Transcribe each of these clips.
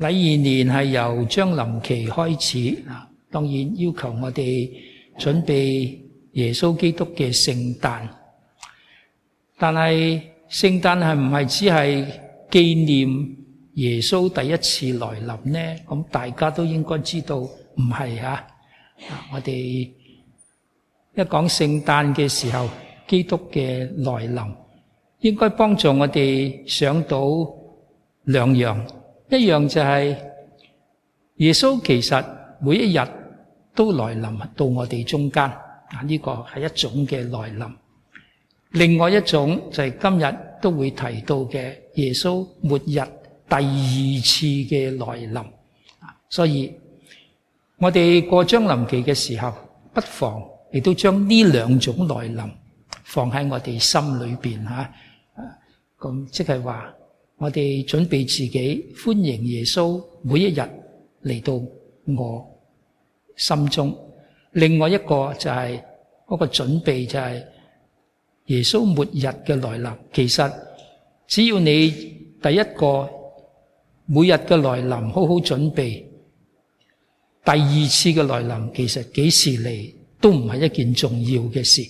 禮二年係由將臨期開始啊，當然要求我哋準備耶穌基督嘅聖誕。但係聖誕係唔係只係紀念耶穌第一次來臨呢？咁大家都應該知道，唔係吓。我哋一講聖誕嘅時候，基督嘅來臨，應該幫助我哋想到兩樣。一樣就係耶穌，其實每一日都來臨到我哋中間，啊呢個係一種嘅來臨，另外一種就係今日都會提到嘅，耶穌末日第二次嘅來臨。啊，所以我哋過將臨期嘅時候，不妨亦都將呢兩種來臨放喺我哋心裏邊吓，啊，咁即係話。我哋準備自己歡迎耶穌每一日嚟到我心中。另外一個就係嗰個準備，就係耶穌末日嘅來臨。其實只要你第一個每日嘅來臨好好準備，第二次嘅來臨其實幾時嚟都唔係一件重要嘅事。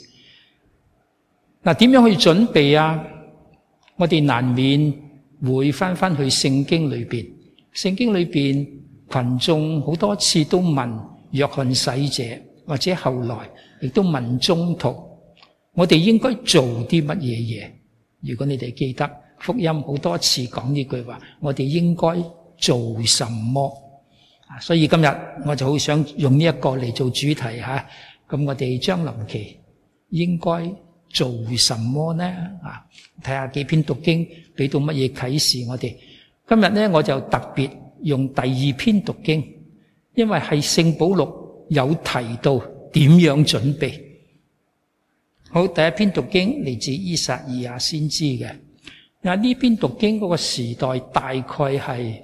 嗱，點樣去準備啊？我哋難免。會返返去聖經裏邊，聖經裏邊群眾好多次都問若翰洗者，或者後來亦都問宗徒，我哋應該做啲乜嘢嘢？如果你哋記得福音好多次講呢句話，我哋應該做什麼？所以今日我就好想用呢一個嚟做主題吓，咁我哋將臨期應該。做什麼呢？啊，睇下幾篇讀經俾到乜嘢啟示我哋。今日呢，我就特別用第二篇讀經，因為係聖保祿有提到點樣準備。好，第一篇讀經嚟自伊撒意亞先知嘅。嗱呢篇讀經嗰個時代大概係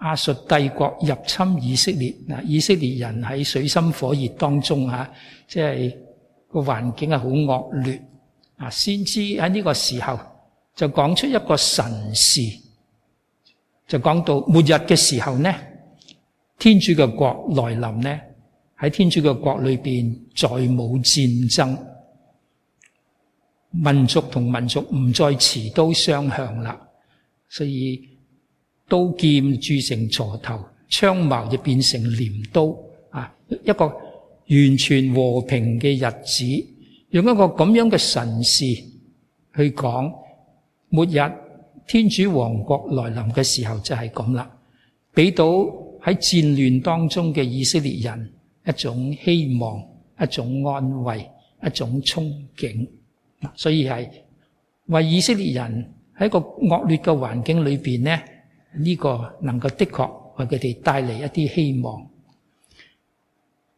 亞述帝國入侵以色列，嗱以色列人喺水深火熱當中啊，即係。個環境係好惡劣啊！先知喺呢個時候就講出一個神視，就講到末日嘅時候呢，天主嘅國來臨呢，喺天主嘅國裏邊再冇戰爭，民族同民族唔再持刀相向啦，所以刀劍鑄成鋤頭，槍矛就變成鐮刀啊！一個。完全和平嘅日子，用一個咁樣嘅神視去講末日天主王國來臨嘅時候就係咁啦，俾到喺戰亂當中嘅以色列人一種希望、一種安慰、一種憧憬。所以係為以色列人喺個惡劣嘅環境裏邊呢，呢個能夠的確為佢哋帶嚟一啲希望。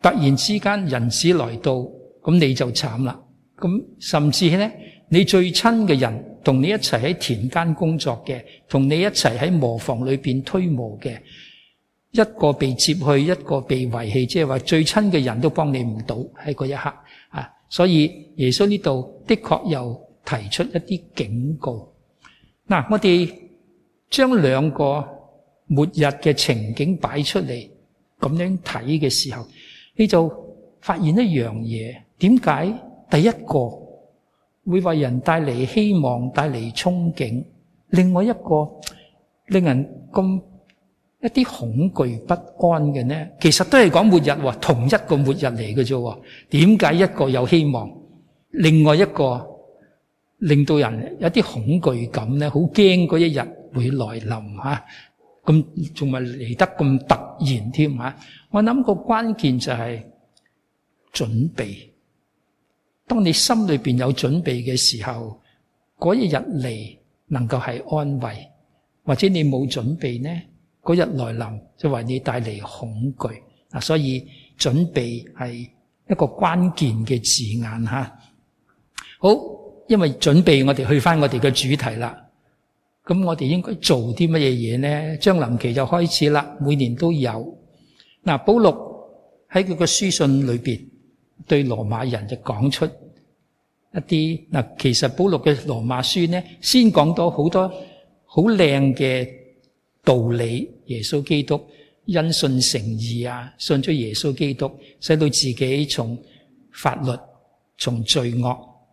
突然之間，人子來到，咁你就慘啦。咁甚至呢，你最親嘅人，同你一齊喺田間工作嘅，同你一齊喺磨房裏邊推磨嘅，一個被接去，一個被遺棄，即係話最親嘅人都幫你唔到喺嗰一刻啊！所以耶穌呢度的確又提出一啲警告。嗱、啊，我哋將兩個末日嘅情景擺出嚟咁樣睇嘅時候。你就發現一樣嘢，點解第一個會為人帶嚟希望、帶嚟憧憬，另外一個令人咁一啲恐懼不安嘅呢？其實都係講末日喎，同一個末日嚟嘅啫。點解一個有希望，另外一個令到人有啲恐懼感呢？好驚嗰一日會來臨嚇。咁仲咪嚟得咁突然添啊！我諗個關鍵就係準備。當你心裏邊有準備嘅時候，嗰一日嚟能夠係安慰；或者你冇準備呢，嗰日來臨就為你帶嚟恐懼。嗱，所以準備係一個關鍵嘅字眼吓。好，因為準備，我哋去翻我哋嘅主題啦。咁我哋應該做啲乜嘢嘢咧？將臨期就開始啦，每年都有。嗱，保祿喺佢嘅書信裏邊對羅馬人就講出一啲，嗱，其實保祿嘅羅馬書咧，先講到好多好靚嘅道理，耶穌基督因信成義啊，信咗耶穌基督，使到自己從法律從罪惡，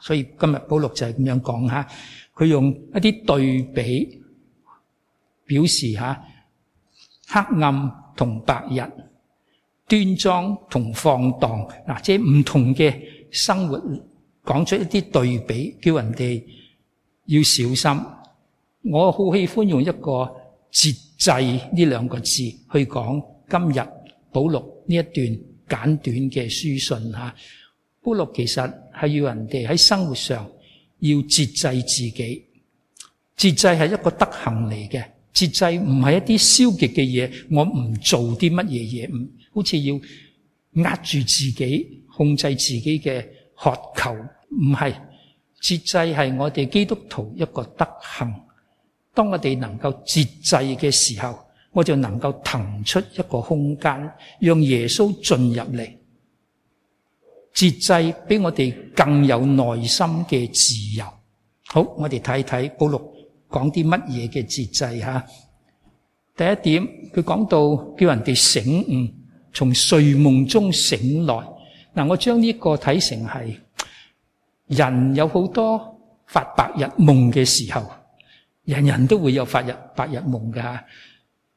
所以今日保祿就係咁樣講吓，佢用一啲對比表示吓，黑暗同白日，端莊同放蕩，嗱，即係唔同嘅生活，講出一啲對比，叫人哋要小心。我好喜歡用一個節制呢兩個字去講今日保祿呢一段簡短嘅書信吓，保祿其實。係要人哋喺生活上要節制自己，節制係一個德行嚟嘅。節制唔係一啲消極嘅嘢，我唔做啲乜嘢嘢，唔好似要壓住自己、控制自己嘅渴求。唔係，節制係我哋基督徒一個德行。當我哋能夠節制嘅時候，我就能夠騰出一個空間，讓耶穌進入嚟。節制俾我哋更有內心嘅自由。好，我哋睇睇保祿講啲乜嘢嘅節制吓。第一點，佢講到叫人哋醒悟，從睡夢中醒來。嗱，我將呢個睇成係人有好多發白日夢嘅時候，人人都會有發日白日夢噶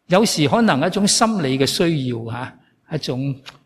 有時可能一種心理嘅需要吓，一種。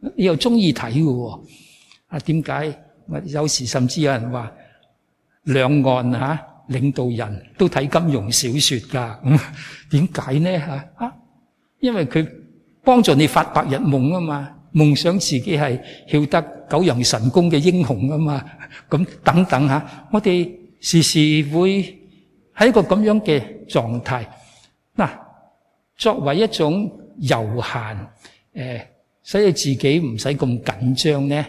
你又中意睇嘅喎？啊，點解？我有時甚至有人話，兩岸嚇領導人都睇金庸小説噶。點解呢？嚇啊，因為佢幫助你發白日夢啊嘛，夢想自己係曉得九陽神功嘅英雄啊嘛。咁等等嚇，我哋時時會喺一個咁樣嘅狀態。嗱，作為一種悠閒誒。所以自己唔使咁緊張，呢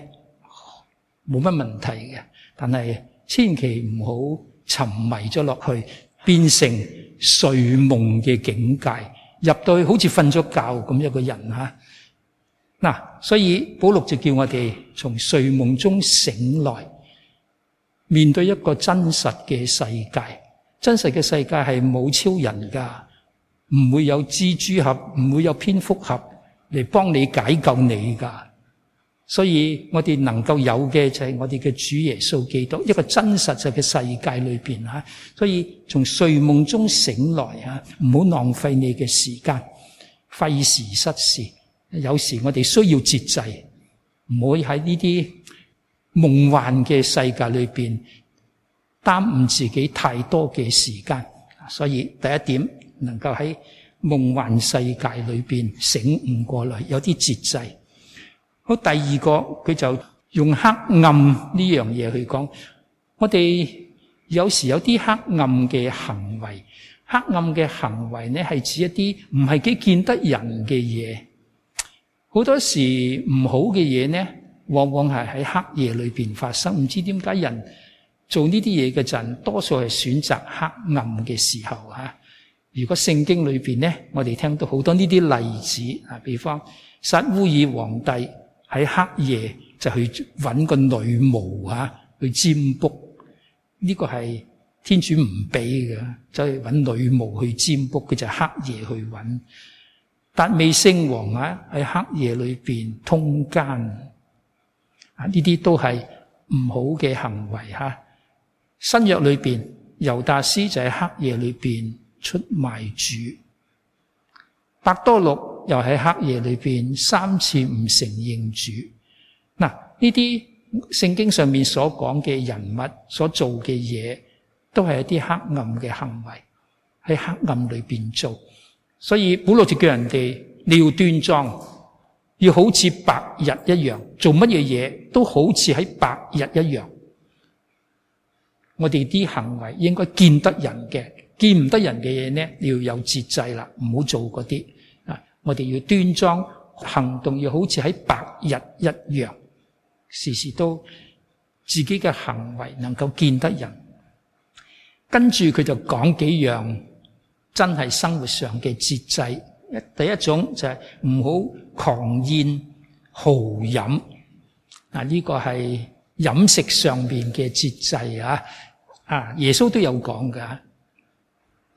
冇乜問題嘅。但係千祈唔好沉迷咗落去，變成睡夢嘅境界，入到好似瞓咗覺咁樣一個人吓嗱，所以保禄就叫我哋從睡夢中醒來，面對一個真實嘅世界。真實嘅世界係冇超人㗎，唔會有蜘蛛俠，唔會有蝙蝠俠。嚟幫你解救你噶，所以我哋能夠有嘅就係我哋嘅主耶穌基督，一個真實嘅世界裏邊啊，所以從睡夢中醒來啊，唔好浪費你嘅時間，費時失事。有時我哋需要節制，唔可以喺呢啲夢幻嘅世界裏邊耽誤自己太多嘅時間。所以第一點能夠喺。夢幻世界裏邊醒悟過來，有啲節制。好，第二個，佢就用黑暗呢樣嘢去講，我哋有時有啲黑暗嘅行為，黑暗嘅行為呢係指一啲唔係幾見得人嘅嘢。好多時唔好嘅嘢呢，往往係喺黑夜裏邊發生。唔知點解人做呢啲嘢嘅陣，多數係選擇黑暗嘅時候吓。如果聖經裏面咧，我哋聽到好多呢啲例子啊，比方撒烏爾皇帝喺黑夜就去揾個女巫去占卜，呢、呢個係天主唔俾嘅，就去揾女巫去占卜，佢就黑夜去揾達味聖王啊，喺黑夜裏面通奸啊，呢啲都係唔好嘅行為嚇。新約裏面，猶達斯就喺黑夜裏面。出賣主，百多祿又喺黑夜裏邊三次唔承認主。嗱，呢啲聖經上面所講嘅人物所做嘅嘢，都係一啲黑暗嘅行為，喺黑暗裏邊做。所以保羅就叫人哋你要端莊，要好似白日一樣，做乜嘢嘢都好似喺白日一樣。我哋啲行為應該見得人嘅。見唔得人嘅嘢呢，你要有節制啦，唔好做嗰啲啊。我哋要端莊行動，要好似喺白日一樣，時時都自己嘅行為能夠見得人。跟住佢就講幾樣真係生活上嘅節制。第一種就係唔好狂宴豪飲。呢個係飲食上面嘅節制啊。啊，耶穌都有講噶。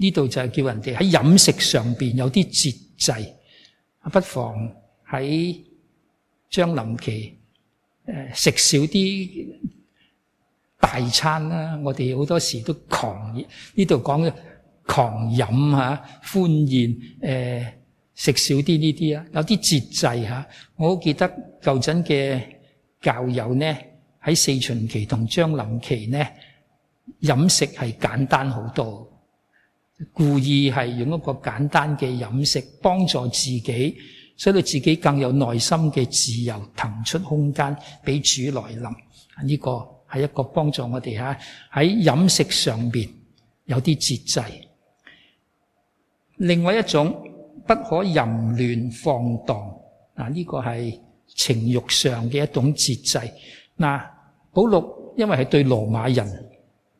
呢度就係叫人哋喺飲食上面有啲節制，啊，不妨喺將臨期食少啲大餐啦、啊。我哋好多時都狂呢度講狂飲嚇、啊、歡宴食少啲呢啲啊，有啲節制嚇我好記得舊陣嘅教友呢喺四旬期同將臨期呢飲食係簡單好多。故意係用一個簡單嘅飲食幫助自己，使到自己更有內心嘅自由，騰出空間俾主來臨。呢個係一個幫助我哋吓喺飲食上邊有啲節制。另外一種不可淫亂放蕩，嗱，呢個係情慾上嘅一種節制。嗱，保祿因為係對羅馬人。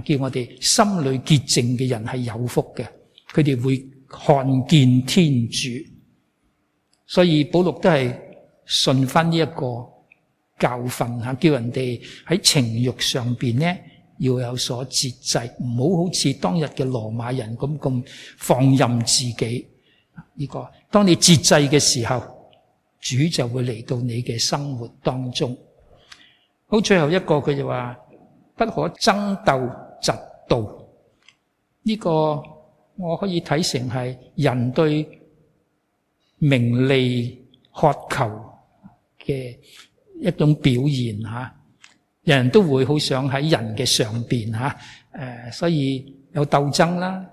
叫我哋心裏潔淨嘅人係有福嘅，佢哋會看見天主。所以保祿都係信翻呢一個教訓吓，叫人哋喺情欲上邊咧要有所節制，唔好好似當日嘅羅馬人咁咁放任自己。呢個當你節制嘅時候，主就會嚟到你嘅生活當中。好，最後一個佢就話不可爭鬥。嫉妒，呢個我可以睇成係人對名利渴求嘅一種表現吓，人人都會好想喺人嘅上邊吓，誒，所以有鬥爭啦，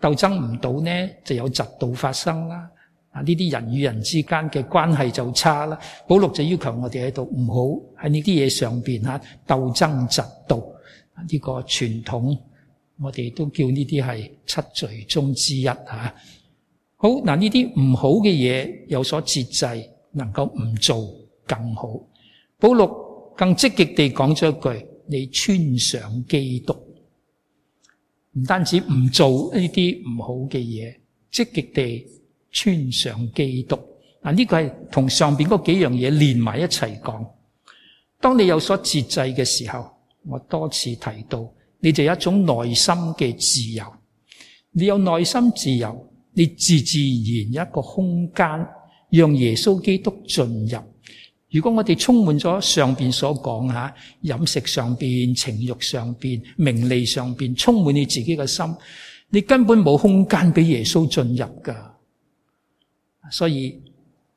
鬥爭唔到呢就有嫉妒發生啦，啊，呢啲人與人之間嘅關係就差啦。保祿就要求我哋喺度唔好喺呢啲嘢上邊吓鬥爭嫉妒。呢個傳統，我哋都叫呢啲係七罪中之一嚇。好嗱，呢啲唔好嘅嘢有所節制，能夠唔做更好。保祿更積極地講咗一句：你穿上基督，唔單止唔做呢啲唔好嘅嘢，積極地穿上基督。嗱，呢個係同上邊嗰幾樣嘢連埋一齊講。當你有所節制嘅時候。我多次提到，你就有一種內心嘅自由。你有內心自由，你自自然有一個空間，讓耶穌基督進入。如果我哋充滿咗上邊所講吓，飲食上邊、情欲上邊、名利上邊，充滿你自己嘅心，你根本冇空間俾耶穌進入噶。所以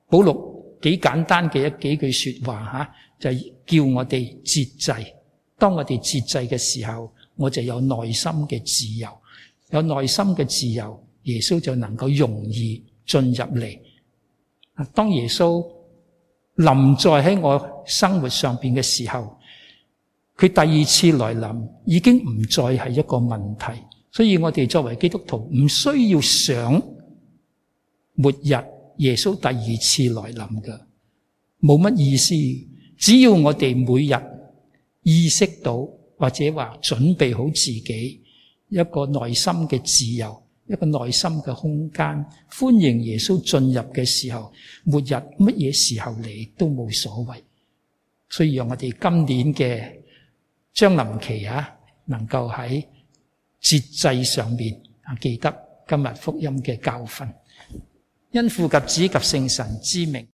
保祿幾簡單嘅一幾句說話吓，就係叫我哋節制。當我哋節制嘅時候，我就有內心嘅自由，有內心嘅自由，耶穌就能夠容易進入嚟。當耶穌臨在喺我生活上邊嘅時候，佢第二次來臨已經唔再係一個問題，所以我哋作為基督徒唔需要想末日耶穌第二次來臨㗎。冇乜意思。只要我哋每日。意識到或者話準備好自己，一個內心嘅自由，一個內心嘅空間，歡迎耶穌進入嘅時候，末日乜嘢時候嚟，都冇所謂。所以讓我哋今年嘅將臨期啊，能夠喺節制上面啊，記得今日福音嘅教訓。因父及子及聖神之名。